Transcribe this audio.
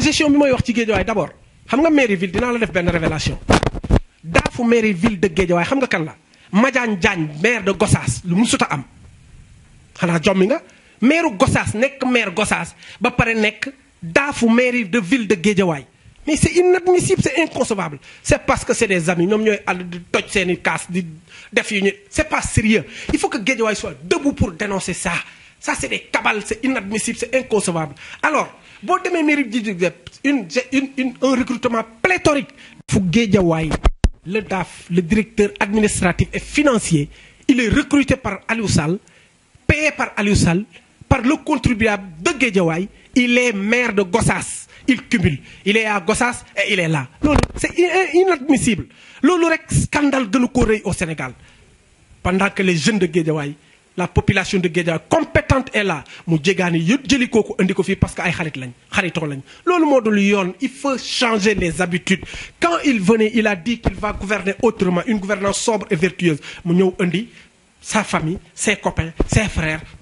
C'est gestion bi wax ci xam nga mairie ville révélation mairie de xam nga kan la maire de Gossas lu Moussoutaam. am xanaa jommi maire Gossas nekk maire Gossas ba pare nekk mairie de ville de mais c'est inadmissible c'est inconcevable C'est parce que c'est des amis ñoom ñooy ànd di toj seen i kaas di pas sérieux il faut que soit debout pour dénoncer ça ça c'est des cabales c'est inadmissible c'est inconcevable alors Bon, demee mairie une un recrutement pléthorique. Pour le DAF le directeur administratif et financier il est recruté par Aliou payé par Aliou par le contribuable de Guédiawaye il est maire de Gossas il cumule il est à Gossas et il est là c'est inadmissible le le scandale de ko au Sénégal pendant que les jeunes de Guédiawaye la population de Guédia, compétente est là mu parce que il faut changer les habitudes quand il venait il a dit qu'il va gouverner autrement une gouvernance sobre et vertueuse mu sa famille ses copains ses frères